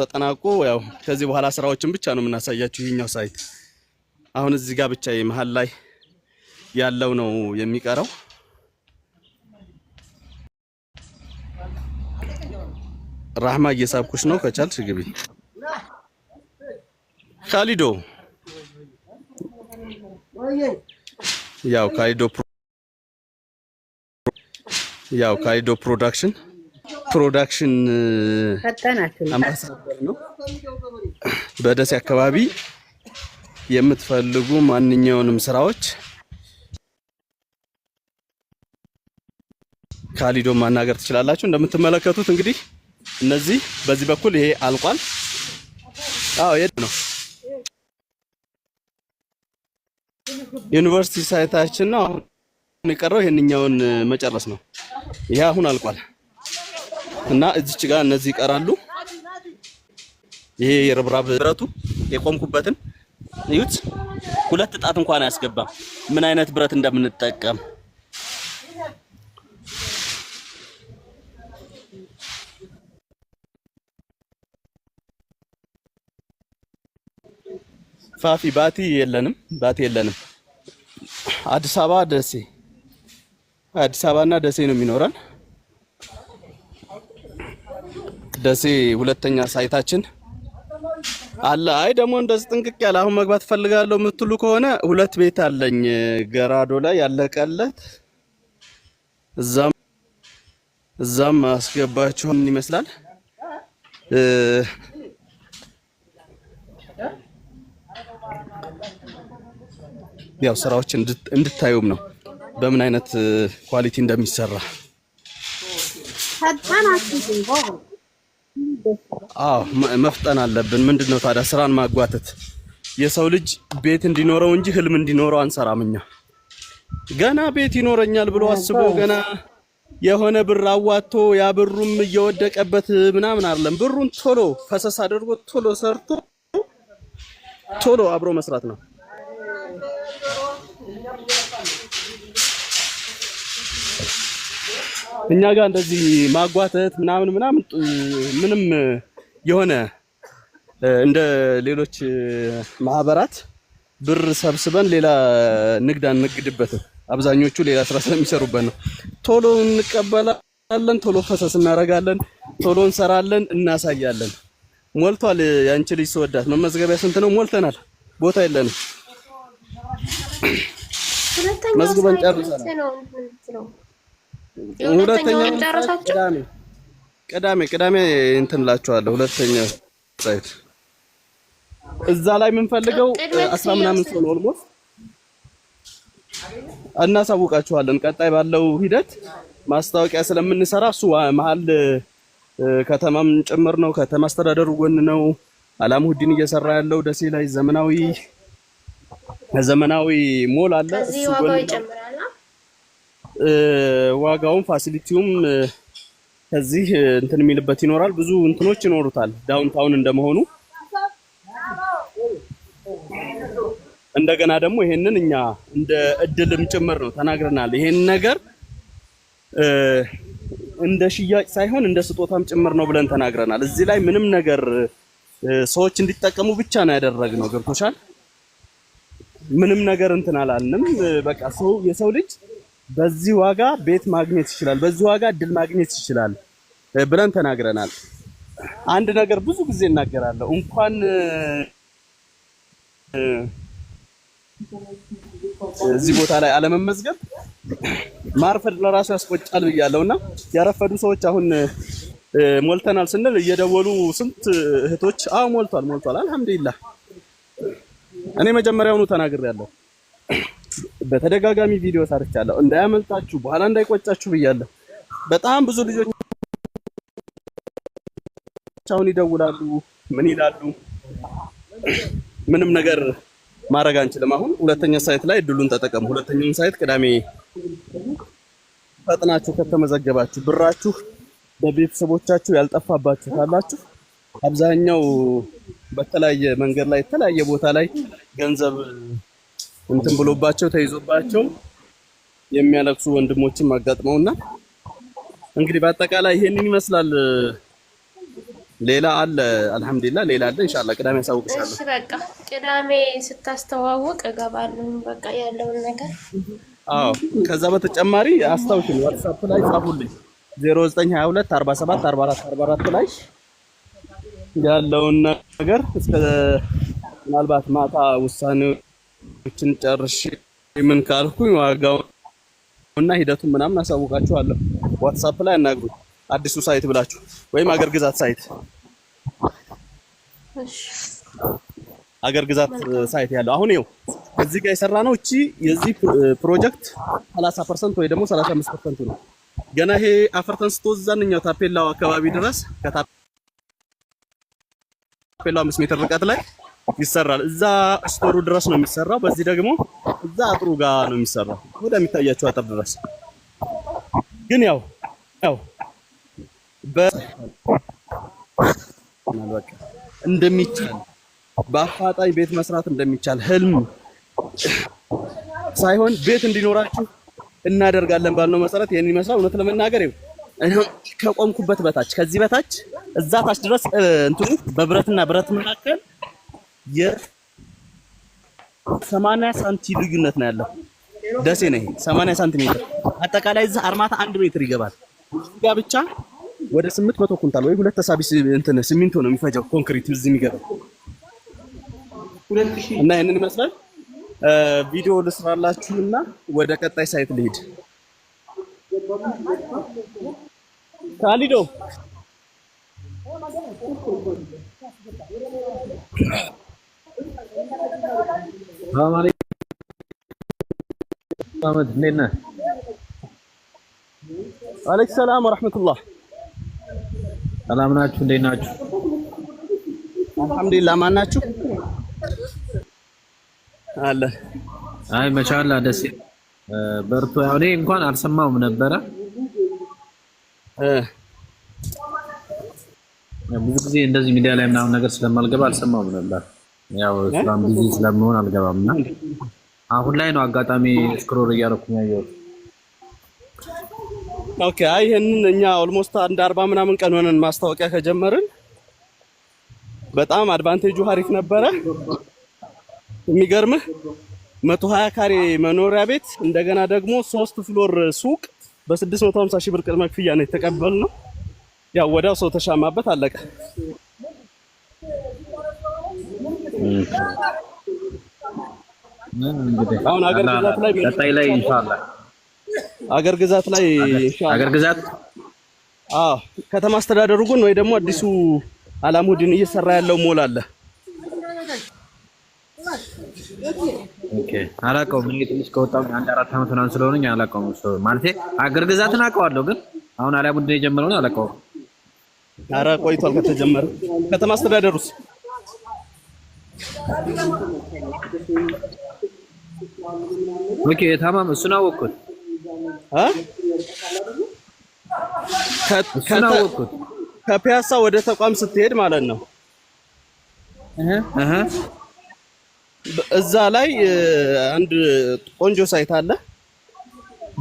ተጠናቆ ያው ከዚህ በኋላ ስራዎችን ብቻ ነው የምናሳያችሁ። ይህኛው ሳይት አሁን እዚህ ጋር ብቻ መሀል ላይ ያለው ነው የሚቀረው። ራህማ እየሳብኩሽ ነው፣ ከቻልሽ ግቢ። ካሊዶ ያው ካሊዶ ያው ካሊዶ ፕሮዳክሽን ፕሮዳክሽን አምባሳደር ነው። በደሴ አካባቢ የምትፈልጉ ማንኛውንም ስራዎች ካሊዶ ማናገር ትችላላችሁ። እንደምትመለከቱት እንግዲህ እነዚህ በዚህ በኩል ይሄ አልቋል። አዎ የት ነው ዩኒቨርሲቲ ሳይታችን ነው። አሁን የቀረው ይህንኛውን መጨረስ ነው። ይሄ አሁን አልቋል። እና እዚች ጋር እነዚህ ይቀራሉ። ይሄ የርብራብ ብረቱ የቆምኩበትን እዩት። ሁለት ጣት እንኳን አያስገባም። ምን አይነት ብረት እንደምንጠቀም ፋፊ ባቲ የለንም፣ ባቲ የለንም። አዲስ አበባ ደሴ፣ አዲስ አበባና ደሴ ነው የሚኖረን። ደሴ ሁለተኛ ሳይታችን አለ። አይ ደግሞ እንደዚህ ጥንቅቅ ያለ አሁን መግባት ፈልጋለሁ የምትሉ ከሆነ ሁለት ቤት አለኝ ገራዶ ላይ ያለቀለት እዛም እዛም አስገባችሁን ይመስላል። ያው ስራዎች እንድታዩም ነው በምን አይነት ኳሊቲ እንደሚሰራ አዎ መፍጠን አለብን። ምንድን ነው ታዲያ ስራን ማጓተት? የሰው ልጅ ቤት እንዲኖረው እንጂ ህልም እንዲኖረው አንሰራም። እኛ ገና ቤት ይኖረኛል ብሎ አስቦ ገና የሆነ ብር አዋቶ ያ ብሩም እየወደቀበት ምናምን አይደለም። ብሩን ቶሎ ፈሰስ አድርጎ ቶሎ ሰርቶ ቶሎ አብሮ መስራት ነው። እኛ ጋር እንደዚህ ማጓተት ምናምን ምናምን ምንም የሆነ እንደ ሌሎች ማህበራት ብር ሰብስበን ሌላ ንግድ አንግድበትም። አብዛኞቹ ሌላ ስራ ስለሚሰሩበት ነው። ቶሎ እንቀበላለን፣ ቶሎ ፈሰስ እናደርጋለን፣ ቶሎ እንሰራለን፣ እናሳያለን። ሞልቷል። ያንቺ ልጅ ስወዳት መመዝገቢያ ስንት ነው? ሞልተናል። ቦታ የለንም። መዝግበን ጨርሰናል። ሁለተኛውን ጨረሳችሁ? ቅዳሜ ቅዳሜ እንትን እላችኋለሁ። ሁለተኛው ሳይት እዛ ላይ የምንፈልገው አስራ ምናምን ሰው ነው ኦልሞስት እናሳውቃችኋለን። ቀጣይ ባለው ሂደት ማስታወቂያ ስለምንሰራ እሱ መሀል ከተማም ጭምር ነው። ከተማ አስተዳደሩ ጎን ነው። አላሙዲን እየሰራ ያለው ደሴ ላይ ዘመናዊ ዘመናዊ ሞል አለ እሱ ጎን ዋጋውም ፋሲሊቲውም ከዚህ እንትን የሚልበት ይኖራል። ብዙ እንትኖች ይኖሩታል። ዳውንታውን እንደመሆኑ እንደገና ደግሞ ይሄንን እኛ እንደ እድልም ጭምር ነው ተናግረናል። ይሄን ነገር እንደ ሽያጭ ሳይሆን እንደ ስጦታም ጭምር ነው ብለን ተናግረናል። እዚህ ላይ ምንም ነገር ሰዎች እንዲጠቀሙ ብቻ ነው ያደረግነው። ገብቶሻል? ምንም ነገር እንትን አላልንም። በቃ ሰው የሰው ልጅ በዚህ ዋጋ ቤት ማግኘት ይችላል፣ በዚህ ዋጋ እድል ማግኘት ይችላል ብለን ተናግረናል። አንድ ነገር ብዙ ጊዜ እናገራለሁ። እንኳን እዚህ ቦታ ላይ አለመመዝገብ ማርፈድ ለራሱ ያስቆጫል ብያለሁ እና ያረፈዱ ሰዎች አሁን ሞልተናል ስንል እየደወሉ ስንት እህቶች አዎ ሞልቷል ሞልቷል፣ አልሐምዱሊላህ እኔ መጀመሪያውኑ ተናግሬያለሁ። በተደጋጋሚ ቪዲዮ ሰርቻለሁ። እንዳያመልጣችሁ፣ በኋላ እንዳይቆጫችሁ ብያለሁ። በጣም ብዙ ልጆች አሁን ይደውላሉ። ምን ይላሉ? ምንም ነገር ማድረግ አንችልም። አሁን ሁለተኛ ሳይት ላይ እድሉን ተጠቀሙ። ሁለተኛውን ሳይት ቅዳሜ ፈጥናችሁ ከተመዘገባችሁ ብራችሁ በቤተሰቦቻችሁ ያልጠፋባችሁ ካላችሁ አብዛኛው በተለያየ መንገድ ላይ የተለያየ ቦታ ላይ ገንዘብ እንትን ብሎባቸው ተይዞባቸው የሚያለቅሱ ወንድሞችም አጋጥመውና እንግዲህ በአጠቃላይ ይሄንን ይመስላል። ሌላ አለ አልሐምዱሊላህ፣ ሌላ አለ ኢንሻአላህ ቅዳሜ ያሳውቅሻለሁ። እሺ በቃ ቅዳሜ ስታስተዋውቅ እገባለሁ። በቃ ያለውን ነገር አዎ። ከዛ በተጨማሪ አስታውሽኝ፣ ዋትስአፕ ላይ ጻፉልኝ 0922 47 44 44 ላይ ያለውን ነገር እስከ ምናልባት ማታ ውሳኔ ችን ጨርሼ ምን ካልኩኝ ዋጋው እና ሂደቱን ምናምን አሳውቃችኋለሁ። ዋትሳፕ ላይ አናግሩኝ። አዲሱ ሳይት ብላችሁ ወይም አገር ግዛት ሳይት አገር ግዛት ሳይት ያለው አሁን ይኸው እዚህ ጋር የሰራ ነው። እቺ የዚህ ፕሮጀክት 30% ወይ ደግሞ 35% ነው። ገና ይሄ አፈር ተንስቶ እዛንኛው ታፔላው አካባቢ ድረስ ከታ ታፔላ አምስት ሜትር ርቀት ላይ ይሰራል። እዛ ስቶሩ ድረስ ነው የሚሰራው። በዚህ ደግሞ እዛ አጥሩ ጋር ነው የሚሰራው ወደሚታያቸው አጥር ድረስ ግን ያው ያው እንደሚቻል በአፋጣኝ ቤት መስራት እንደሚቻል ህልም ሳይሆን ቤት እንዲኖራችሁ እናደርጋለን ባልነው መሰረት ይህን ይመስላል። እውነት ለመናገር ይኸው ከቆምኩበት በታች ከዚህ በታች እዛ ታች ድረስ እንትኑ በብረትና ብረት መካከል የ80 ሳንቲ ልዩነት ነው ያለው። ደሴ ነው 80 ሳንቲሜትር አጠቃላይ እዚህ አርማታ አንድ ሜትር ይገባል። እዚጋ ብቻ ወደ 800 ኩንታል ወይ ሁለት ተሳቢ እንትን ሲሚንቶ ነው የሚፈጀው ኮንክሪት እዚህ የሚገባው እና ይሄንን ይመስላል። ቪዲዮ ልስራላችሁና ወደ ቀጣይ ሳይት ልሂድ። ካሊዶ አለይኩም ሰላም ወራህመቱላህ። ሰላም ናችሁ? እንዴት ናችሁ? አልሐምዱሊላህ። ማን ናችሁ? አለ አይ መቻላ ደስ በርቶ። ያው እኔ እንኳን አልሰማሁም ነበረ ብዙ ጊዜ እንደዚህ ሚዲያ ላይ ምናምን ነገር ስለማልገባ አልሰማም ነበር። ያው ስራም ቢዚ ስለምሆን አልገባም እና አሁን ላይ ነው አጋጣሚ ስክሮል እያደረኩኝ ያየሁት። ኦኬ አይ ይህንን እኛ ኦልሞስት አንድ አርባ ምናምን ቀን ሆነን ማስታወቂያ ከጀመርን በጣም አድቫንቴጁ ሀሪፍ ነበረ። የሚገርምህ መቶ ሀያ ካሬ መኖሪያ ቤት እንደገና ደግሞ ሶስት ፍሎር ሱቅ በስድስት መቶ ሀምሳ ሺህ ብር ቅድመ ክፍያ ነው የተቀበልነው። ያው ወዲያው ሰው ተሻማበት፣ አለቀ። አሁን አገር ግዛት ላይ ቀጣይ ላይ ኢንሻአላህ አገር ግዛት ላይ ኢንሻአላህ አገር ግዛት አዎ፣ ከተማ አስተዳደሩ ግን ወይ ደግሞ አዲሱ አላሙዲን እየሰራ ያለው ሞል አለ። ኦኬ አላውቀውም። እኔ ትንሽ ከወጣሁ አንድ አራት ዓመት ምናምን ስለሆነኝ አላውቀውም። ማለቴ አገር ግዛትን አውቀዋለሁ፣ ግን አሁን አላሙዲን የጀመረውን አላውቀውም። ኧረ ቆይቷል ከተጀመረ። ከተማ አስተዳደሩስ ኦኬ፣ የታማም እሱን አወቅኩት እ እሱን አወቅኩት ከፒያሳ ወደ ተቋም ስትሄድ ማለት ነው። እዛ ላይ አንድ ቆንጆ ሳይት አለ።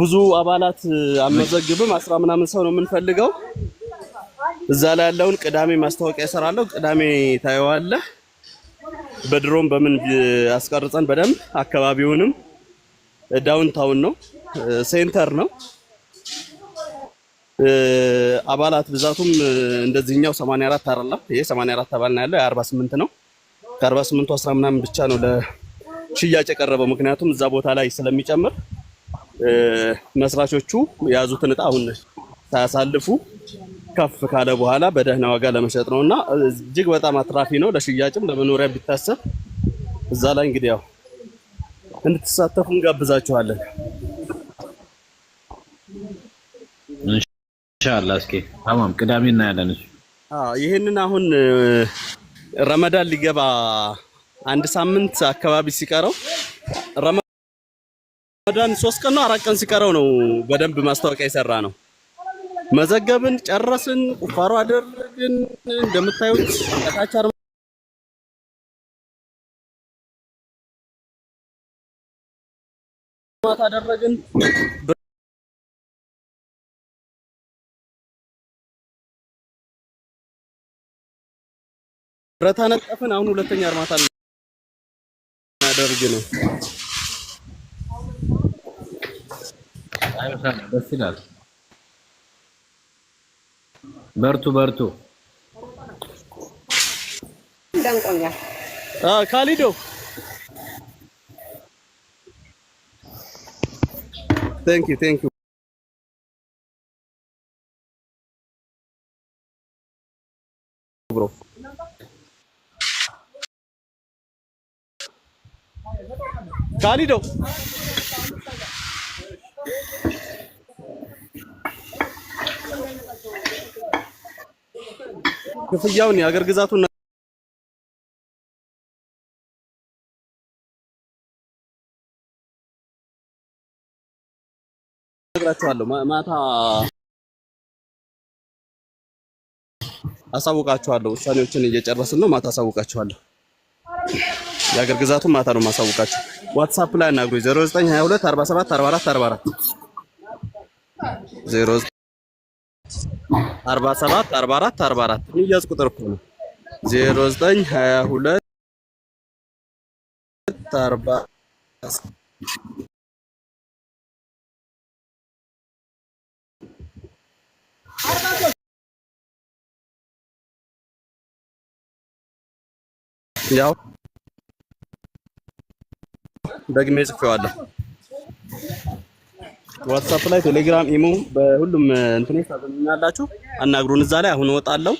ብዙ አባላት አመዘግብም አስራ ምናምን ሰው ነው የምንፈልገው እዛ ላይ ያለውን ቅዳሜ ማስታወቂያ እሰራለሁ። ቅዳሜ ታየዋለህ። በድሮም በምን አስቀርጸን በደንብ አካባቢውንም ዳውንታውን ነው፣ ሴንተር ነው። አባላት ብዛቱም እንደዚህኛው 84 አይደለም። ይሄ 84 አባል ነው ያለው፣ 48 ነው። 48 10 ምናምን ብቻ ነው ለሽያጭ የቀረበው። ምክንያቱም እዛ ቦታ ላይ ስለሚጨምር መስራቾቹ የያዙትን ዕጣ አሁን ሳያሳልፉ ከፍ ካለ በኋላ በደህና ዋጋ ለመሸጥ ነው እና እጅግ በጣም አትራፊ ነው። ለሽያጭም ለመኖሪያ ቢታሰብ እዛ ላይ እንግዲህ ያው እንድትሳተፉ እንጋብዛችኋለን። ኢንሻአላህ እስኪ ታማም ቅዳሜ እናያለን። ይህንን አሁን ረመዳን ሊገባ አንድ ሳምንት አካባቢ ሲቀረው ረመዳን ሶስት ቀን ነው አራት ቀን ሲቀረው ነው በደንብ ማስታወቂያ የሰራ ነው። መዘገብን ጨረስን፣ ቁፋሮ አደረግን። እንደምታዩት ከታች አርማታ አደረግን። ብረታ ነጠፍን። አሁን ሁለተኛ አርማታ አደርግ ነው። ደስ ይላል። በርቱ በርቱ። ደንቆኛል። ካሊዶ ካሊዶ ክፍያውን የአገር ግዛቱን እነግራቸዋለሁ። ማታ አሳውቃችኋለሁ። ውሳኔዎችን እየጨረስን ነው። ማታ አሳውቃችኋለሁ። የአገር ግዛቱን ማታ ነው ማሳውቃችሁ። ዋትሳፕ ላይ አናግሩኝ 0922 47 44 47 44 44 የሚያዝ ቁጥር እኮ ነው። 09 22 40 ያው ደግሜ ጽፌዋለሁ። ዋትሳፕ ላይ፣ ቴሌግራም፣ ኢሞ በሁሉም እንትኖች ታገኙናላችሁ። አናግሩን እዛ ላይ አሁን እወጣለሁ።